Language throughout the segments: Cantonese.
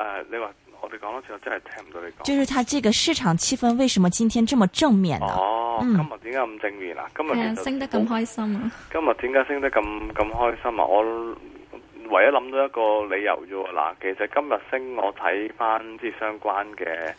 誒、uh，你話我哋講多次，我真係聽唔到你講。就是佢這個市場氣氛，為什麼今天這麼正面呢、啊？哦，今日點解咁正面啦、啊？今、嗯、日、嗯、升得咁開心啊！今日點解升得咁咁開心啊？我。唯一諗到一個理由啫喎。嗱，其實今日升，我睇翻啲相關嘅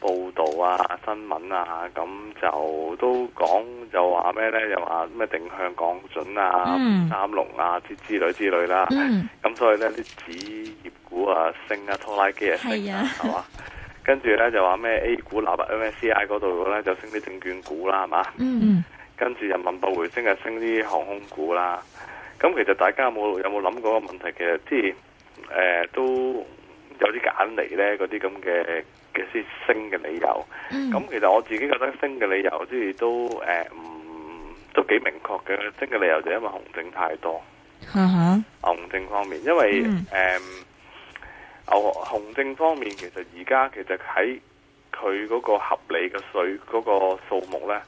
報道啊、新聞啊，咁就都講就話咩咧？又話咩定向降準啊、嗯、三農啊之之類之類啦、啊。咁、嗯、所以咧啲紙業股啊升啊，拖拉機啊升啊，係嘛、啊？ 跟住咧就話咩 A 股納入 MSCI 嗰度咧就升啲證券股啦，係嘛、嗯？跟住人民幣回升就升啲航空股啦。咁其實大家有冇有冇諗過個問題？其實即係誒都有啲簡嚟咧，嗰啲咁嘅嘅些升嘅理由。咁、嗯、其實我自己覺得升嘅理由都，即係都誒唔都幾明確嘅。升嘅理由就係因為紅證太多。嚇、嗯！紅證方面，因為誒，哦、呃、紅證方面其實而家其實喺佢嗰個合理嘅水嗰個數目咧。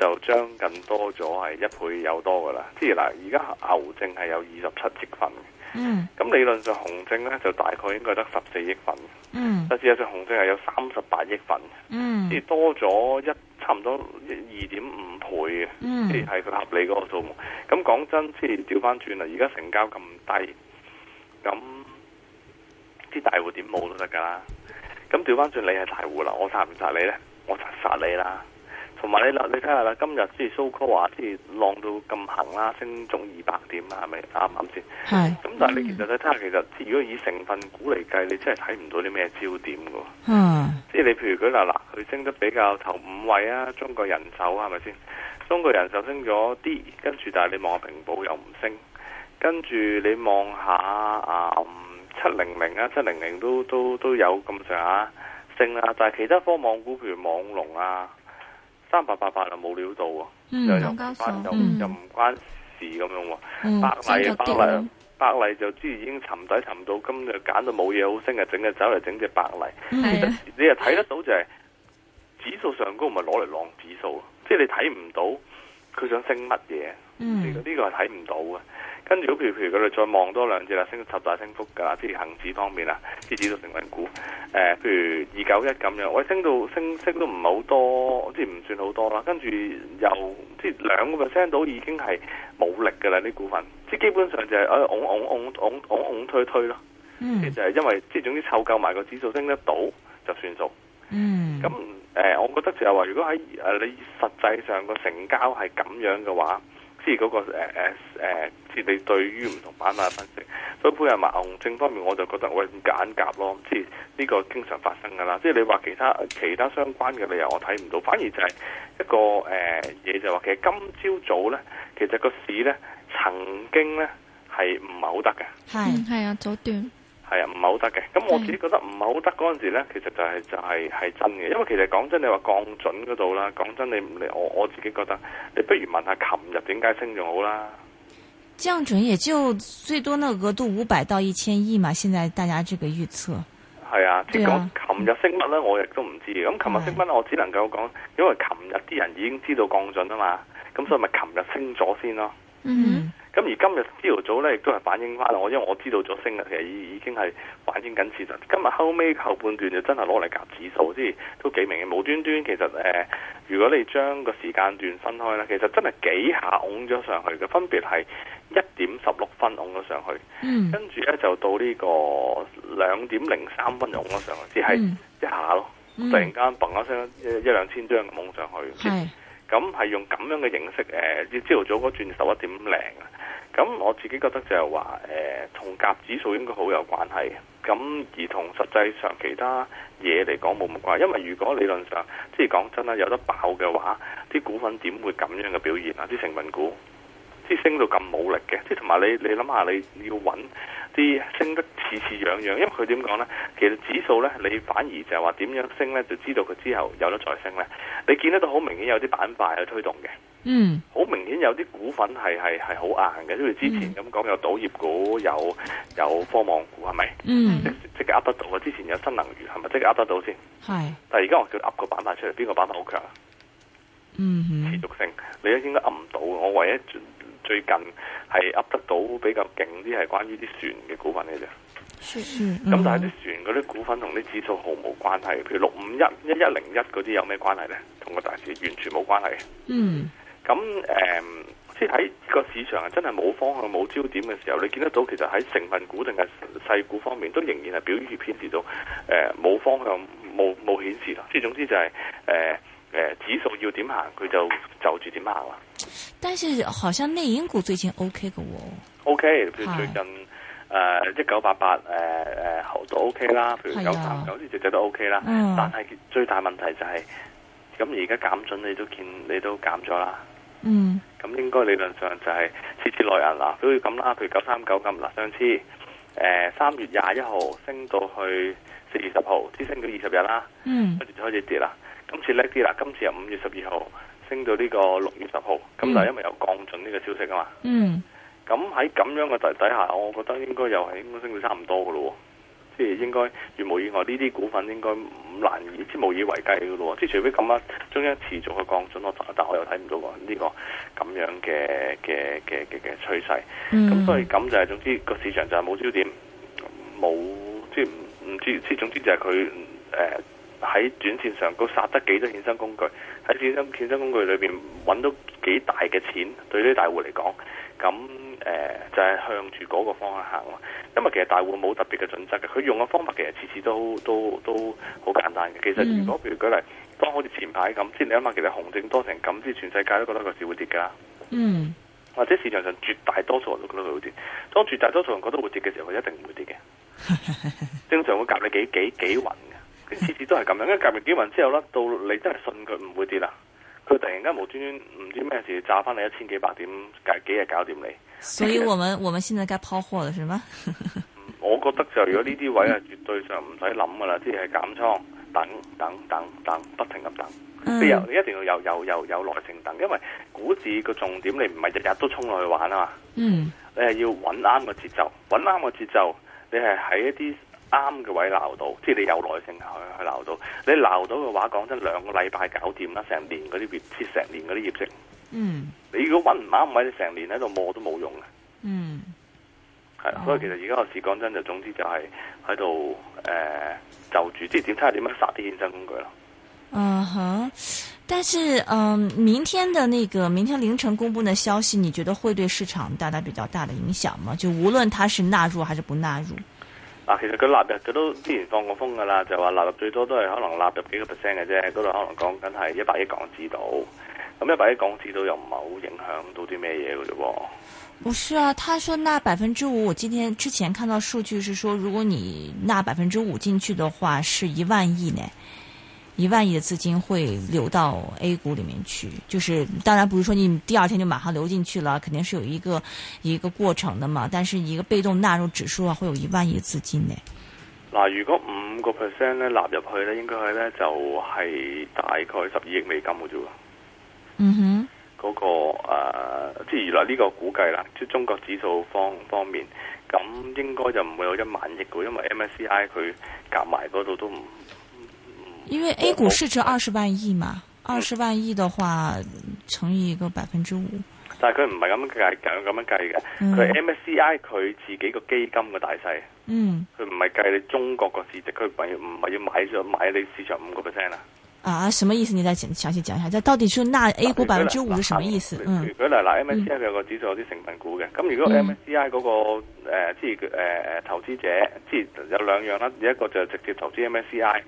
就將近多咗係一倍有多嘅啦，即係嗱，而家牛證係有二十七億份，嗯，咁理論上紅證咧就大概應該得十四億份，嗯，但係而家隻紅證係有三十八億份，嗯，即係多咗一差唔多二點五倍嘅，嗯，即係係合理嗰個數目。咁講真，即係調翻轉啦，而家成交咁低，咁啲大戶點冇都得㗎啦。咁調翻轉你係大戶啦，我殺唔殺你咧？我殺殺你啦！同埋你你睇下啦，今日即係 so call 啊，即係浪到咁行啦，升總二百點啦，係咪啱唔啱先？係咁，但係你其實你睇下，其實如果以成分股嚟計，你真係睇唔到啲咩焦點噶喎。嗯，即係你譬如佢例啦，佢升得比較頭五位啊，中國人壽係咪先？中國人壽升咗啲，跟住但係你望下平保又唔升，跟住你望下啊七零零啊，七零零都都都有咁上下升啦，但係其他科網股譬如網龍啊。三八八八就冇料到喎，又不、嗯、又又唔關事咁樣喎，百麗啊百麗，百麗就之前已經沉底沉到，今日揀到冇嘢好升啊，整日走嚟整隻百麗，你又睇、嗯、得到就係指數上高咪攞嚟浪指數，即、就、係、是、你睇唔到佢想升乜嘢，呢、嗯這個呢個係睇唔到嘅。跟住，譬如譬如佢哋再望多兩隻啦，升到十大升幅噶，即係恆指方面啦，啲指數成分股，誒、呃，譬如二九一咁樣，喂，升到升升都唔係好多，即係唔算好多啦。跟住又即係兩個 percent 到已經係冇力㗎啦，啲股份，即係基本上就係，誒，拱拱拱拱拱推推咯。嗯、mm.。其實係因為即係總之湊夠埋個指數升得到就算數。嗯、mm.。咁、呃、誒，我覺得就係話，如果喺、呃、你實際上個成交係咁樣嘅話，即係嗰個誒誒誒，即係你對於唔同板嘅分析，所以配合埋紅證方面，我就覺得喂揀夾咯，即係呢個經常發生噶啦。即係你話其他其他相關嘅理由，我睇唔到，反而就係一個誒嘢就話，其實今朝早咧，其實個市咧曾經咧係唔係好得嘅，係係啊，早段。係啊，唔係好得嘅。咁我自己覺得唔係好得嗰陣時咧、嗯，其實就係、是、就係、是、係、就是、真嘅。因為其實講真，你話降準嗰度啦，講真你你我我自己覺得，你不如問下琴日點解升仲好啦。降準也就最多呢個額度五百到一千億嘛。現在大家這個預測係啊，即講琴日升乜呢？我亦都唔知。咁琴日升乜咧、嗯，我只能夠講，因為琴日啲人已經知道降準啊嘛，咁所以咪琴日升咗先咯。嗯，咁而今日朝早咧，亦都係反映翻啦。我因為我知道咗升日其實已已經係反映緊事實。今日後尾後半段就真係攞嚟夾指數，即係都幾明顯。無端端，其實誒、呃，如果你將個時間段分開咧，其實真係幾下拱咗上去嘅。分別係一點十六分拱咗上去，上去 mm-hmm. 跟住咧就到呢個兩點零三分拱咗上去，只係一下咯，mm-hmm. 突然間嘭一聲，一一兩千張拱上去。咁、嗯、係用咁樣嘅形式，誒、呃，朝頭早嗰轉手一點零啊！咁、嗯、我自己覺得就係話，誒、呃，同甲指數應該好有關係。咁、嗯、而同實際上其他嘢嚟講冇乜關，因為如果理論上即係講真啦，有得爆嘅話，啲股份點會咁樣嘅表現啊？啲成分股，啲升到咁冇力嘅，即係同埋你你諗下，你要揾。啲升得似似樣樣，因為佢點講咧？其實指數咧，你反而就係話點樣升咧，就知道佢之後有得再升咧。你見得到好明顯有啲板塊喺推動嘅，嗯，好明顯有啲股份係係係好硬嘅。因為之前咁講、嗯，有賭業股，有有科網股，係咪？嗯，即即刻壓得到。我之前有新能源，係咪即刻壓得到先？係。但係而家我叫壓個板塊出嚟，邊個板塊好強？嗯哼，持續性你應該壓唔到。我唯一。最近係噏得到比較勁啲，係關於啲船嘅股份嘅啫。咁、嗯、但係啲船嗰啲股份同啲指數毫無關係，譬如六五一一一零一嗰啲有咩關係咧？同個大市完全冇關係。嗯，咁誒，即係喺個市場係真係冇方向冇焦點嘅時候，你見得到其實喺成分股定係細股方面都仍然係表現偏離到誒冇、呃、方向冇冇顯示啦。即係總之就係誒誒指數要點行，佢就就住點行啊！但是好像內銀股最近 O K 嘅喎，O K，譬如最近誒一九八八誒誒好都 O、OK、K 啦，譬如九三九呢隻只都 O、OK、K 啦，哎、但係最大問題就係咁而家減準你都見你都減咗啦，嗯，咁應該理論上就係設置內銀啦，都要咁啦，譬如九三九咁啦，上次誒三、呃、月廿一號升到去四月十號，支升咗二十日啦，跟、嗯、住就開始跌了啦，今次叻啲啦，今次係五月十二號。升到呢個六月十號，咁、嗯、但係因為有降準呢個消息啊嘛，咁喺咁樣嘅底底下，我覺得應該又係應該升到差唔多嘅咯、哦，即、就、係、是、應該如無意外呢啲股份應該唔難以即係無以為繼嘅咯、哦，即、就、係、是、除非咁啊，中央持續去降準咯，但係我又睇唔到呢、這個咁樣嘅嘅嘅嘅嘅趨勢，咁、嗯、所以咁就係、是、總之個市場就係冇焦點，冇即係唔知即總之就係佢誒。呃喺轉線上都殺得幾多衍生工具，喺衍生衍生工具裏邊揾到幾大嘅錢，對啲大戶嚟講，咁誒、呃、就係、是、向住嗰個方向行咯。因為其實大戶冇特別嘅準則嘅，佢用嘅方法其實次次都都都好簡單嘅。其實如果譬如舉例，當好似前排咁，即係你諗下，其實熊證多成咁，即係全世界都覺得個市會跌嘅啦。嗯，或者市場上絕大多數人都覺得會跌，當絕大多數人覺得會跌嘅時候，佢一定唔會跌嘅。正常會夾你幾幾幾穩次 次 都係咁樣，因為隔完幾日之後咧，到你真係信佢唔會跌啦，佢突然間無端端唔知咩事炸翻你一千幾百點，隔幾日搞掂你。所以，我們 我們現在該拋貨了，是嗎？ 我覺得就如果呢啲位係絕對就唔使諗噶啦，即係減倉等等等等，不停咁等。你又你一定要有有有有耐性等，因為股市個重點你唔係日日都衝落去玩啊嘛。嗯。你係要揾啱個節奏，揾啱個節奏，你係喺一啲。啱嘅位鬧到，即係你有耐性去去鬧到。你鬧到嘅話，講真兩個禮拜搞掂啦，成年嗰啲業，即成年嗰啲業，業績。嗯，你如果揾唔啱唔係，你成年喺度磨都冇用嘅。嗯，係、哦，所以其實而家個市講真就總之就係喺度誒就住，即係點睇點樣殺啲衍生工具咯。嗯哼，但是嗯，明天嘅，那個明天凌晨公布嘅消息，你覺得會對市場帶來比較大嘅影響嗎？就無論它是納入還是不納入。啊，其實佢納入佢都之前放過風㗎啦，就話納入最多都係可能納入幾個 percent 嘅啫，嗰度可能講緊係一百億港紙度，咁一百億港紙度又唔係好影響到啲咩嘢嘅啫。唔係啊，他說納百分之五，我今天之前看到數據是說，如果你納百分之五進去的話，是一萬億呢。一萬億嘅資金會流到 A 股裏面去，就是當然不是說你第二天就馬上流進去了，肯定是有一個一個過程的嘛。但是一個被動納入指數啊，會有一萬億的資金呢。嗱，如果五個 percent 咧納入去咧，應該係咧就係、是、大概十二億美金嘅啫。嗯哼，嗰、那個誒、呃，即係原來呢個估計啦，即係中國指數方方面，咁應該就唔會有一萬億嘅，因為 MSCI 佢夾埋嗰度都唔。因為 A 股市值二十萬億嘛，嗯、二十萬億的話乘以一個百分之五。但係佢唔係咁計，咁樣計嘅。佢 MSCI 佢自己個基金嘅大細。嗯。佢唔係計你中國個市值，佢唔係要買咗買你市場五個 percent 啊。啊，什麼意思你想？你再講詳細講一下，即係到底就納 A 股百分之五是什麼意思？啊、舉例嗯，佢嗱嗱 MSCI 有個指數有啲成分股嘅，咁、嗯、如果 MSCI、嗰個誒即係誒誒投資者，即係有兩樣啦，有一個就係直接投資 MSCI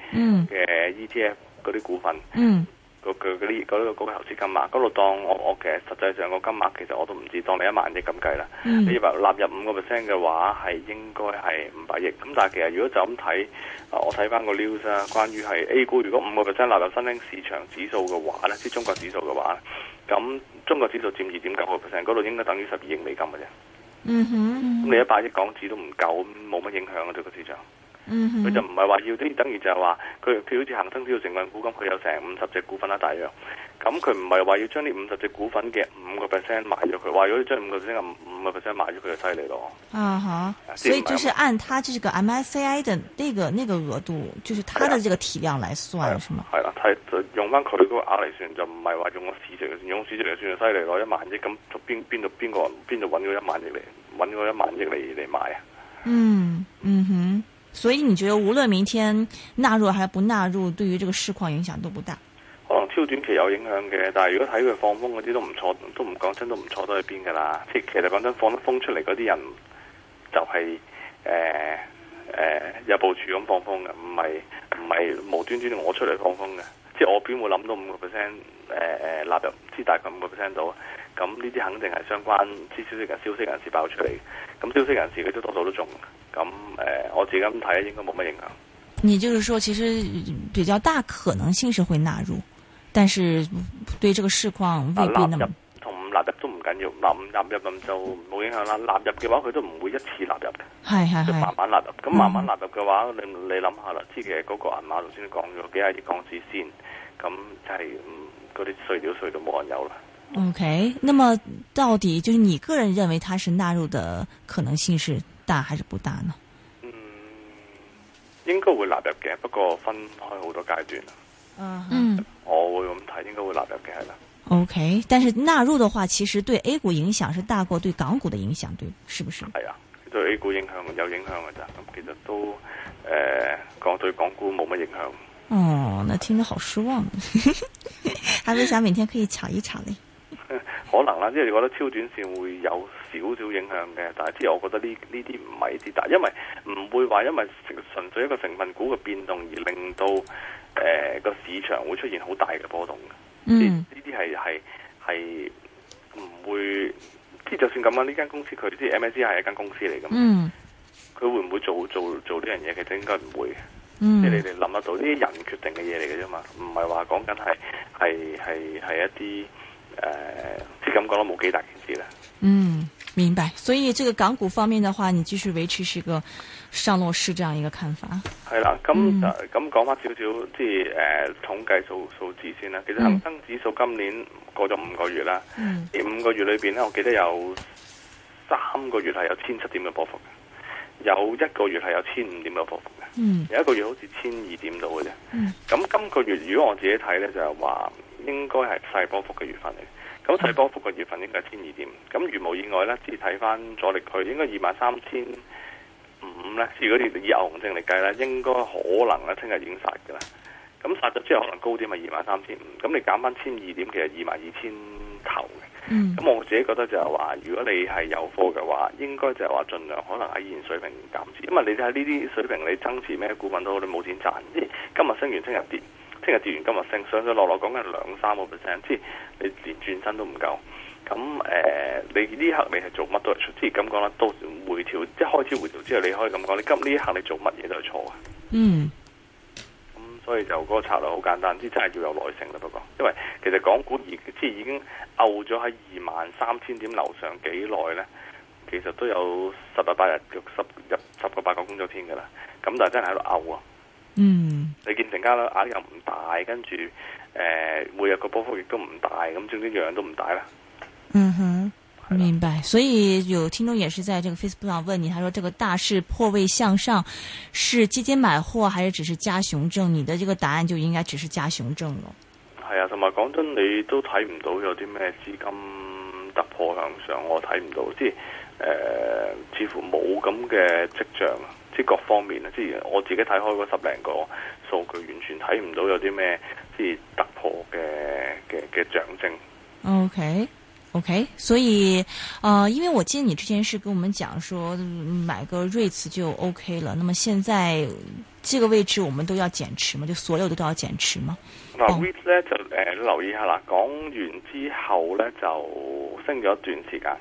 嘅 ETF 啲股份。嗯。嗯個佢嗰啲嗰度嗰個投資金額，嗰度當我我其實實際上個金額其實我都唔知，當你一萬億咁計啦。你以為納入五個 percent 嘅話，係應該係五百億。咁但係其實如果就咁睇，我睇翻個 news 啊，關於係 A 股，如果五個 percent 納入新興市場指數嘅話咧，即係中國指數嘅話，咁中國指數佔二點九個 percent，嗰度應該等於十二億美金嘅啫。嗯哼嗯，咁你一百億港紙都唔夠，冇乜影響啊，對個市場。嗯，佢就唔係話要啲，等於就係話佢佢好似恒生指數成分股咁，佢有成五十隻股份啦、啊，大約咁佢唔係話要將呢五十隻股份嘅五個 percent 賣咗佢，話如果將五個五五個 percent 賣咗佢就犀利咯。啊哈，所以就是按他這個 MSCI 的那個那個額度，就是他嘅這個體量嚟算是、啊，是嗎？係啦、啊，啊啊啊、用翻佢嗰個額嚟算，就唔係話用個市值嚟算，用個市值嚟算就犀利咯。一萬億咁，邊邊度邊個邊度揾到一萬億嚟揾到一萬億嚟嚟買啊？嗯，嗯哼。所以你覺得無論明天納入還是不納入，對於這個市況影響都不大？可能超短期有影響嘅，但係如果睇佢放風嗰啲都唔錯，都唔講真都唔錯，都喺邊噶啦。即係其實講真，放得風出嚟嗰啲人就係誒誒有部署咁放風嘅，唔係唔係無端端我出嚟放風嘅。即係我邊會諗到五個 percent？誒誒納入唔知大概五個 percent 到。咁呢啲肯定係相關知消息嘅消息人士爆出嚟，咁消息人士佢都多數都中，咁誒、呃，我自己咁睇咧，應該冇乜影響。你就是說，其實比較大可能性是會納入，但是對這個市況未必納入。同納入都唔緊要，納入咁就冇影響啦。納入嘅話，佢都唔會一次納入嘅，係係就慢慢納入。咁慢慢納入嘅話，嗯、你你諗下啦，之前嗰個銀碼頭先講咗幾廿億港紙先，咁就係嗰啲碎料碎到冇人有啦。OK，那麼到底就是你個人認為它是納入的可能性是大還是不大呢？嗯，應該會納入嘅，不過分開好多階段啊。嗯嗯，我會咁睇，應該會納入嘅係啦。OK，但是納入的話，其實對 A 股影響是大過對港股的影響，對，是不是？係啊，對 A 股影響有影響嘅咋？咁其實都誒、講、呃、對港股冇乜影響。哦，那聽着好失望， 還是想每天可以搶一場呢？可能啦，即係你覺得超短線會有少少影響嘅，但係之後我覺得呢呢啲唔係啲大，因為唔會話因為純粹一個成分股嘅變動而令到誒個、呃、市場會出現好大嘅波動嘅。呢啲係係係唔會，即係就算咁啦，呢間公司佢啲 MSCI 係一間公司嚟嘅。嘛、嗯，佢會唔會做做做呢樣嘢？其實應該唔會即係、嗯、你哋諗得到呢啲人決定嘅嘢嚟嘅啫嘛，唔係話講緊係係係係一啲。誒，即咁講都冇幾大件事啦。嗯，明白。所以，這個港股方面的話，你繼續維持是一個上落市這樣一個看法。係啦，咁咁講翻少少，即係誒，統計數數字先啦。其實恒生指數今年過咗五個月啦。嗯。五個月裏邊呢，我記得有三個月係有千七點嘅波幅嘅。有一個月係有千五點嘅波幅嘅。嗯，有一個月好似千二點到嘅啫。咁、嗯、今個月如果我自己睇咧，就係話應該係細波幅嘅月份嚟。咁細波幅嘅月份應該係千二點。咁如無意外咧，只睇翻阻力佢應該二萬三千五咧。如果你以牛熊證嚟計咧，應該可能咧聽日已經殺㗎啦。咁殺咗之後可能高啲咪二萬三千五。咁你減翻千二點，其實二萬二千頭。咁、嗯、我自己覺得就係話，如果你係有貨嘅話，應該就係話盡量可能喺現水平減持，因為你睇下呢啲水平，你增持咩股份都好，你冇錢賺。即係今日升完，聽日跌，聽日跌完，今日升，上上落落講緊兩三個 percent，即係你連轉身都唔夠。咁誒、呃，你呢刻你係做乜都係出，即係咁講啦，到回調一開始回調之後，你可以咁講，你今呢一刻你做乜嘢都係錯嗯。所以就嗰個策略好簡單，啲真係要有耐性啦，不過，因為其實港股而即係已經拗咗喺二萬三千點樓上幾耐呢，其實都有十日八日，十十個八個工作天㗎啦。咁但係真係喺度拗啊！嗯、mm-hmm.，你見成交額又唔大，跟住、呃、每日個波幅亦都唔大，咁總之樣樣都唔大啦。嗯哼。明白，所以有聽眾也是在這個 Facebook 上問你，他說：這個大市破位向上，是基金買貨，還是只是加熊證？你的這個答案就應該只是加熊證咯。係啊，同埋講真，你都睇唔到有啲咩資金突破向上，我睇唔到，即係誒、呃，似乎冇咁嘅跡象，即係各方面，即係我自己睇開嗰十零個數據，完全睇唔到有啲咩即係突破嘅嘅嘅象徵。OK。OK，所以，啊、呃，因為我記得你之前是跟我們講說買個瑞慈就 OK 了，那麼現在這個位置我們都要減持嗎？就所有的都要減持嗎？嗱、啊，瑞慈咧就誒、呃、留意下啦，講完之後咧就升咗一段時間，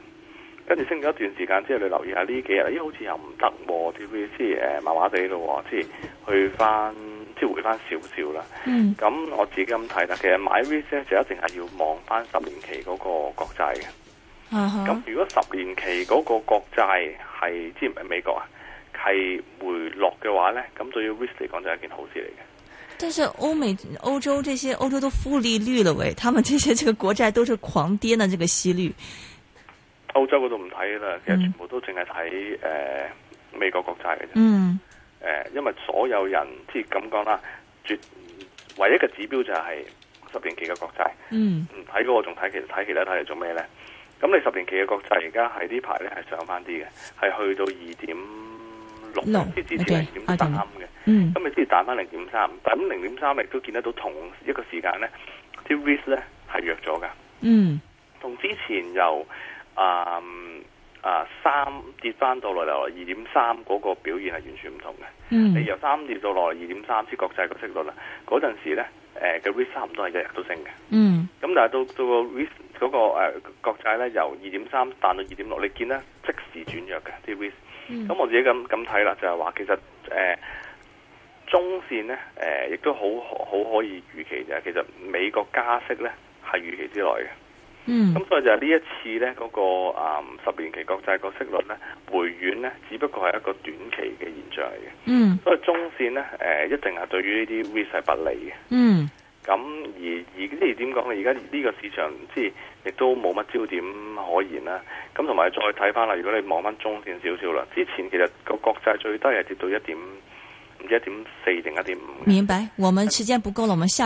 跟住升咗一段時間之後你留意下呢幾日，咦、哎、好似又唔得，T V C 誒，麻麻、呃、地咯，即係去翻。即係回翻少少啦，咁、嗯、我自己咁睇啦。其實買 risk 咧就一定係要望翻十年期嗰個國債嘅。咁、uh-huh、如果十年期嗰個國債係之前唔係美國啊，係回落嘅話咧，咁對於 risk 嚟講就係一件好事嚟嘅。但是歐美、歐洲這些歐洲都負利率了喂，他們這些這個國債都是狂跌的這個息率。歐洲嗰度唔睇啦，其實全部都淨係睇誒美國國債嘅啫。嗯。誒，因為所有人即係咁講啦，絕唯一嘅指標就係十年期嘅國債。嗯、mm.，睇嗰個仲睇其實睇其他睇嚟做咩咧？咁你十年期嘅國債而家喺呢排咧係上翻啲嘅，係去到二點六，即之前係二點三嘅。嗯，咁你先至彈翻零點三，但係咁零點三亦都見得到同一個時間咧，啲 risk 咧係弱咗㗎、mm.。嗯，同之前又啊。啊，三跌翻到落嚟二點三嗰個表現係完全唔同嘅。嗯，你由三跌到落嚟二點三，即係國債嘅息率啦。嗰陣時咧，誒嘅 risk 差唔多係日日都升嘅。嗯、咁、嗯、但係到到、嗰個 risk 嗰個誒國債咧由二點三彈到二點六，你見呢，即時轉弱嘅啲 risk。咁、嗯、我自己咁咁睇啦，就係、是、話其實誒、呃、中線咧誒亦都好好可以預期嘅。其實美國加息咧係預期之內嘅嗯，咁所以就係呢一次咧，嗰、那個、嗯、十年期國債個息率咧回軟咧，只不過係一個短期嘅現象嚟嘅。嗯，所以中線咧，誒、呃、一定係對於呢啲 risk 係不利嘅。嗯，咁而而即係點講咧？而家呢個市場即係亦都冇乜焦點可言啦、啊。咁同埋再睇翻啦，如果你望翻中線少少啦，之前其實個國債最低係跌到一點唔知一點四定一點五。明白，我們時間不夠了，我們下。